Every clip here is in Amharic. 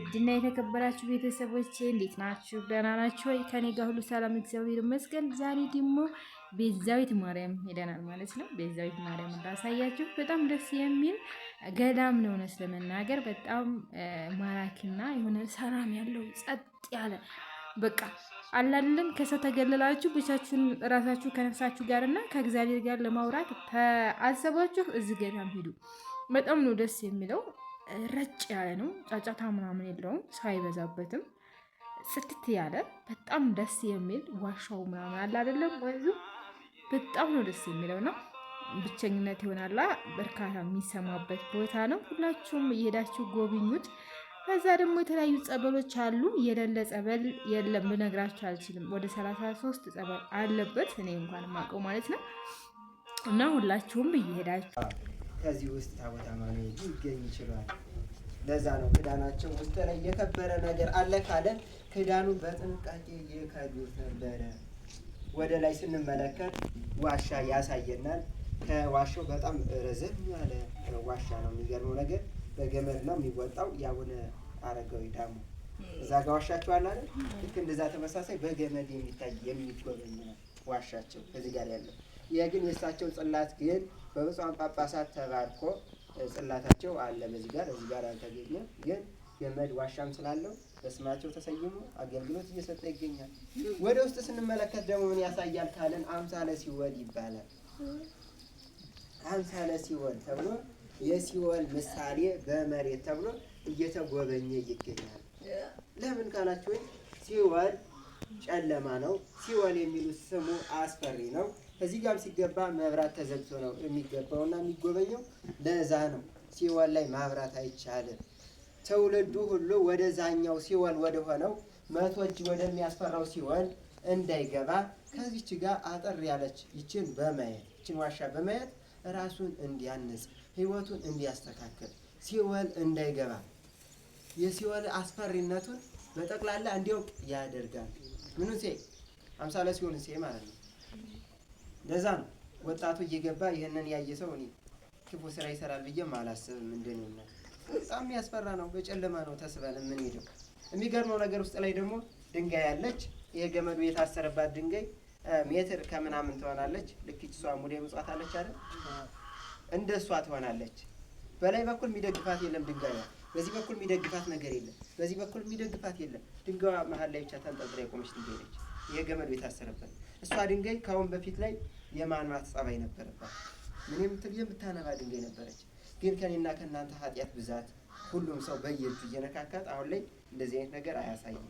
ውድና የተከበራችሁ ቤተሰቦቼ እንዴት ናችሁ? ደህና ናችሁ ወይ? ከኔ ጋር ሁሉ ሰላም እግዚአብሔር ይመስገን። ዛሬ ደግሞ ቤዛዊት ማርያም ሄደናል ማለት ነው። ቤዛዊት ማርያም እንዳሳያችሁ በጣም ደስ የሚል ገዳም ነው። እውነት ለመናገር በጣም ማራኪና የሆነ ሰላም ያለው ጸጥ ያለ በቃ አላለም ከሰው ተገለላችሁ ብቻችሁን ራሳችሁ ከነፍሳችሁ ጋር እና ከእግዚአብሔር ጋር ለማውራት ተአሰባችሁ እዚህ ገዳም ሂዱ። በጣም ነው ደስ የሚለው ረጭ ያለ ነው። ጫጫታ ምናምን የለውም ሳይበዛበትም ጽድት ያለ በጣም ደስ የሚል ዋሻው ምናምን አለ አይደለም ወንዙ በጣም ነው ደስ የሚለው ነው። ብቸኝነት ይሆናላ በርካታ የሚሰማበት ቦታ ነው። ሁላችሁም እየሄዳችሁ ጎብኙት። ከዛ ደግሞ የተለያዩ ጸበሎች አሉ። የሌለ ጸበል የለም ልነግራችሁ አልችልም። ወደ 33 ሶስት ጸበል አለበት እኔ እንኳን ማቀው ማለት ነው እና ሁላችሁም እየሄዳችሁ ከዚህ ውስጥ ታቦተ አማኑኤል ሊገኝ ይችላል። ለዛ ነው ክዳናቸው ውስጥ ላይ የከበረ ነገር አለ ካለ ክዳኑ በጥንቃቄ የከዱት ነበረ። ወደ ላይ ስንመለከት ዋሻ ያሳየናል። ከዋሻው በጣም ረዘም ያለ ዋሻ ነው። የሚገርመው ነገር በገመድ ነው የሚወጣው። የአቡነ አረጋዊ ዳሞ እዛ ጋ ዋሻቸው አለ አይደል? ልክ እንደዛ ተመሳሳይ በገመድ የሚታይ የሚጎበኝ ነው ዋሻቸው ከዚህ ጋር ያለው የግን የእሳቸው ጽላት ግን በብፁዓን ጳጳሳት ተባርኮ ጽላታቸው አለ። በዚህ ጋር እዚህ ጋር አልተገኘ፣ ግን ገመድ ዋሻም ስላለው በስማቸው ተሰይሞ አገልግሎት እየሰጠ ይገኛል። ወደ ውስጥ ስንመለከት ደግሞ ምን ያሳያል ካለን አምሳለ ሲወል ይባላል። አምሳለ ሲወል ተብሎ የሲወል ምሳሌ በመሬት ተብሎ እየተጎበኘ ይገኛል። ለምን ካላችሁ ሲወል ጨለማ ነው። ሲወል የሚሉት ስሙ አስፈሪ ነው። እዚህ ጋር ሲገባ መብራት ተዘግቶ ነው የሚገባው እና የሚጎበኘው ለዛ ነው። ሲወል ላይ ማብራት አይቻልም። ትውልዱ ሁሉ ወደ ዛኛው ሲወል ወደ ሆነው መቶ እጅ ወደሚያስፈራው ሲወል እንዳይገባ ከዚች ጋር አጠር ያለች ይችን በማየት ይችን ዋሻ በማየት ራሱን እንዲያነጽ ህይወቱን እንዲያስተካክል ሲወል እንዳይገባ የሲወል አስፈሪነቱን በጠቅላላ እንዲያውቅ ያደርጋል። ምኑን ሴ አምሳለ ሲወልን ሴ ማለት ነው። ለዛ ነው ወጣቱ እየገባ ይህንን ያየ ሰው እኔ ክፉ ስራ ይሰራል ብዬ አላስብም። እንደኔ በጣም የሚያስፈራ ነው። በጨለማ ነው ተስበን የምንሄደው። የሚገርመው ነገር ውስጥ ላይ ደግሞ ድንጋይ አለች። ይሄ ገመዱ የታሰረባት ድንጋይ ሜትር ከምናምን ትሆናለች። ልክ እሷ ሙዴ ምጽዋት አለች አይደል? እንደ እሷ ትሆናለች። በላይ በኩል የሚደግፋት የለም ድንጋዩ። በዚህ በኩል የሚደግፋት ነገር የለም። በዚህ በኩል የሚደግፋት የለም። ድንጋዋ መሀል ላይ ብቻ ተንጠልጥላ የቆመች ድንጋይ ነች። የገመዱ የታሰረበት እሷ ድንጋይ ከአሁን በፊት ላይ የማንማት ጸባይ ነበረባት። ምን የምትል የምታነባ ድንጋይ ነበረች። ግን ከኔና ከእናንተ ኃጢአት ብዛት ሁሉም ሰው በየእጁ እየነካካት አሁን ላይ እንደዚህ አይነት ነገር አያሳይም።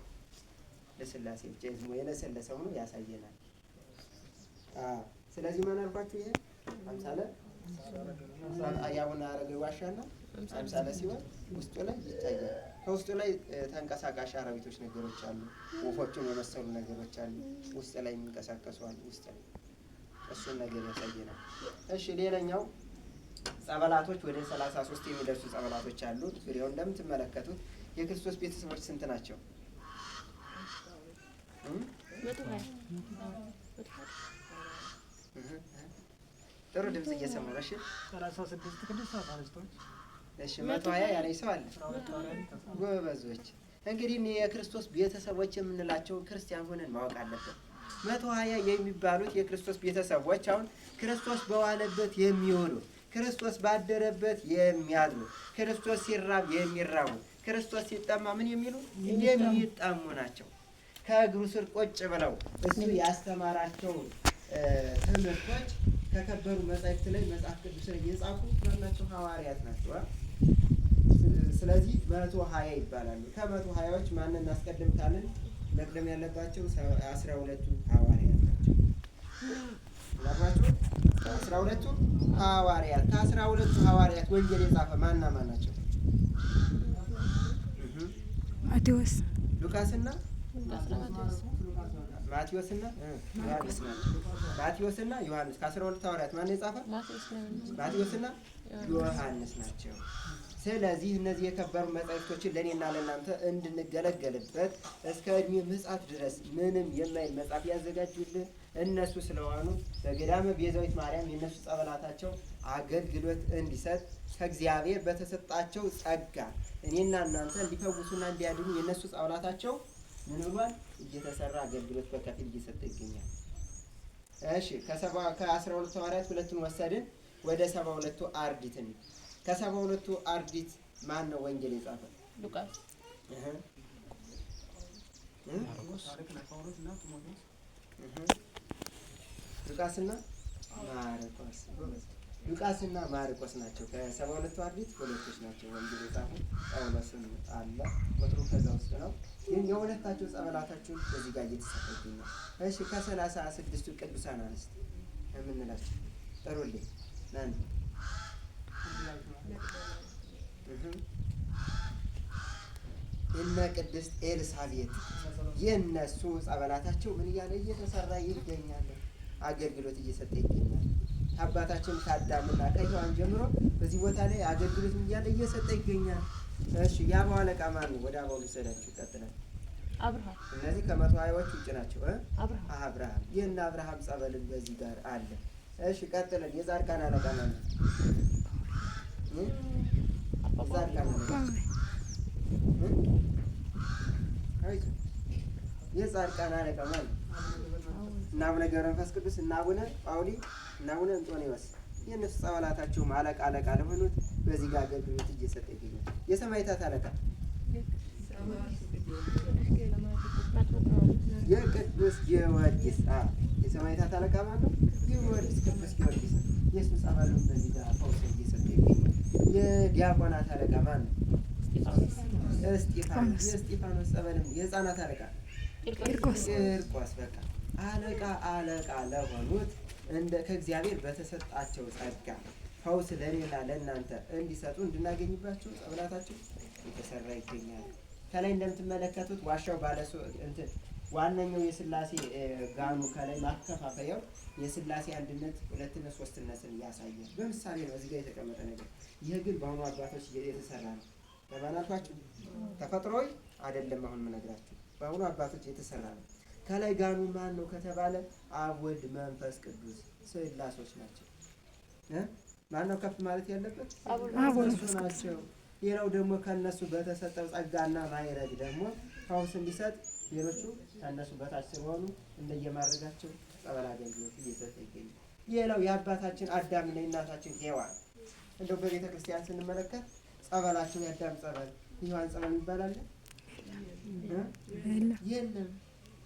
ለስላሴ ብቻ ዝሞ የለሰለሰ ሆኖ ያሳየናል። ስለዚህ ማን አልኳችሁ? ይሄ አምሳለ የአቡነ አረጋዊ ዋሻ ነው። አምሳለ ሲሆን ውስጡ ላይ ይታያል። ከውስጡ ላይ ተንቀሳቃሽ አረቢቶች ነገሮች አሉ፣ ወፎችን የመሰሉ ነገሮች አሉ፣ ውስጥ ላይ የሚንቀሳቀሱ አሉ። ውስጥ ላይ እሱን ነገር ያሳየናል። እሺ ሌላኛው ጸበላቶች ወደ ሰላሳ ሶስት የሚደርሱ ጸበላቶች አሉ። ዙሪያው እንደምትመለከቱት የክርስቶስ ቤተሰቦች ስንት ናቸው? ጥሩ ድምጽ እየሰማሁ ነው። እሺ ሰላሳ ስድስት ቅዱሳት አርዕስቶች እሺ መቶ ሀያ ያለኝ ሰው አለ። ጎበዞች እንግዲህ የክርስቶስ ቤተሰቦች የምንላቸው ክርስቲያን ሆነን ማወቅ አለብን። መቶ ሀያ የሚባሉት የክርስቶስ ቤተሰቦች አሁን ክርስቶስ በዋለበት የሚውሉ ክርስቶስ ባደረበት የሚያድሩ ክርስቶስ ሲራብ የሚራቡ ክርስቶስ ሲጠማ ምን የሚሉ የሚጠሙ ናቸው። ከእግሩ ስር ቁጭ ብለው እሱ ያስተማራቸው ትምህርቶች ከከበሩ መጻሕፍት ላይ መጽሐፍ ቅዱስ ላይ የጻፉ ናቸው። ሐዋርያት ናቸው። ስለዚህ መቶ ሀያ ይባላሉ። ከመቶ ሀያዎች ማንን እናስቀድም ካልን መቅደም ያለባቸው አስራ ሁለቱ ሐዋርያት ናቸው። አስራ ሁለቱ ሐዋርያት ከአስራ ሁለቱ ሐዋርያት ወንጌል የጻፈ ማና ማን ናቸው? ማቴዎስ፣ ሉቃስና ማቴዎስና ዮሐንስ ናቸው። ማቴዎስና ዮሐንስ ከአስራ ሁለቱ ሐዋርያት ማን የጻፈ? ማቴዎስና ዮሐንስ ናቸው። ስለዚህ እነዚህ የከበሩ መጻሕፍቶችን ለእኔና ለእናንተ እንድንገለገልበት እስከ እድሜ ምጽአት ድረስ ምንም የማይል መጽሐፍ ያዘጋጁልን እነሱ ስለሆኑ በገዳመ ቤዛዊት ማርያም የእነሱ ጸበላታቸው አገልግሎት እንዲሰጥ ከእግዚአብሔር በተሰጣቸው ጸጋ እኔና እናንተ እንዲፈውሱና እንዲያድኑ የእነሱ ጸበላታቸው ምን ብሏል? እየተሰራ አገልግሎት በከፊል እየሰጠ ይገኛል። እሺ ከሰባ ከአስራ ሁለቱ ሐዋርያት ሁለቱን ወሰድን። ወደ ሰባ ሁለቱ አርዲት ነው። ከሰባ ሁለቱ አርዲት ማን ነው ወንጌል የጻፈ? ሉቃስ ሉቃስና ማርቆስ ሉቃስና ማርቆስ ናቸው። ከሰባ ሁለቱ አርዲት ሁለቶች ናቸው ወንጌል የጻፉ ጳውሎስም አለ ቁጥሩ ከዛ ውስጥ ነው። ግን የሁለታቸው ጸበላታቸው በዚህ ጋር እየተሰጠ ነው። እሺ ከሰላሳ ስድስቱ ቅዱሳን አንስት የምንላቸው ጥሩልኝ Nani? እነ ቅድስት ኤልሳቤጥ የእነሱ ጸበላታቸው ምን እያለ እየተሰራ ይገኛል፣ አገልግሎት እየሰጠ ይገኛል። አባታችን ከአዳምና ከሔዋን ጀምሮ በዚህ ቦታ ላይ አገልግሎት እያለ እየሰጠ ይገኛል። እሺ ያ በኋላ ማን ወደ አባው ልሰዳችሁ ይቀጥላል። አብርሃም እነዚህ ከመቶ ሀያዎች ውጭ ናቸው። አብርሃም የእነ አብርሃም ጸበልን በዚህ ጋር አለ። እሺ፣ ቀጥለን የጻድቃን አለቃ ማለት የጻድቃን አለቃ ማለት እና አቡነ ገብረ መንፈስ ቅዱስ እና አቡነ ጳውሊ እና አቡነ እንጦንዮስ የእነሱ ጸበላታቸውም አለቃ አለቃ ለሆኑት በዚህ ጋር አገልግሎት እየሰጠ ይገኛል። የሰማዕታት አለቃ የቅዱስ ጊዮርጊስ የሰማዕታት አለቃ ማለት ነው። ጊዮርጊስ ቅዱስ ጊዮርጊስ የስብሰባሉን በሚዳ ፈውስ እየሰጠ ይገኛል። የዲያቆናት አለቃ ማን ነው? እስጢፋኖስ። የእስጢፋኖስ ጸበልም የህፃናት አለቃ ቂርቆስ። በቃ አለቃ አለቃ ለሆኑት እንደ ከእግዚአብሔር በተሰጣቸው ጸጋ ፈውስ ለኔና ለእናንተ እንዲሰጡ እንድናገኝባቸው ጸበላታቸው የተሰራ ይገኛል። ከላይ እንደምትመለከቱት ዋሻው ባለ እንትን ዋነኛው የስላሴ ጋኑ ከላይ ማከፋፈያው የስላሴ አንድነት ሁለትነት ሶስትነትን እያሳያል። በምሳሌ ነው እዚህ ጋር የተቀመጠ ነገር። ይህ ግን በአሁኑ አባቶች የተሰራ ነው። ለማናቷቸው ተፈጥሮዊ አይደለም። አሁን ምነግራችሁ በአሁኑ አባቶች የተሰራ ነው። ከላይ ጋኑ ማን ነው ከተባለ አብ፣ ወልድ፣ መንፈስ ቅዱስ ስላሶች ናቸው። ማነው ከፍ ማለት ያለበት? እነሱ ናቸው። ሌላው ደግሞ ከእነሱ በተሰጠው ጸጋና ማይረግ ደግሞ ፈውስ እንዲሰጥ ሌሎቹ ታነሱ በታች ስለሆኑ እንደየማድረጋቸው ጸበል አገልግሎት እየሰጠ ይገኛል። ሌላው የአባታችን አዳምና የእናታችን ሔዋን እንደው በቤተ ክርስቲያን ስንመለከት ጸበላቸው የአዳም ጸበል የሔዋን ጸበል ይባላል የለም።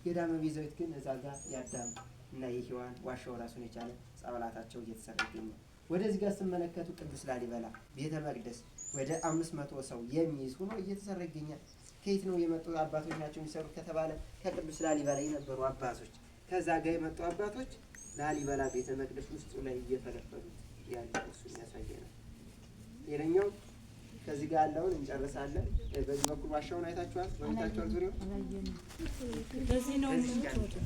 የዳመ ቤዛዊት ግን እዛ ጋር የአዳም እና የሔዋን ዋሻው ራሱን የቻለ ጸበላታቸው እየተሰራ ይገኛል። ወደዚህ ጋር ስመለከቱ ቅዱስ ላሊበላ ቤተ መቅደስ ወደ አምስት መቶ ሰው የሚይዝ ሆኖ እየተሰራ ይገኛል። ከየት ነው የመጡ አባቶች ናቸው የሚሰሩት ከተባለ ከቅዱስ ላሊበላ የነበሩ አባቶች ከዛ ጋር የመጡ አባቶች ላሊበላ ቤተ መቅደስ ውስጡ ላይ እየፈለፈሉ ያለ እሱ ነው። ሌላኛው ከዚህ ጋር ያለውን እንጨርሳለን። በዚህ በኩል ዋሻውን አይታችኋል፣ በሚታችኋል ዙሪያው በዚህ ነው።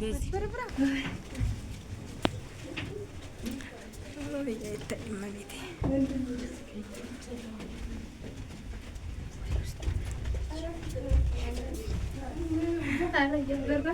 በዚህ አረ ጀበርባ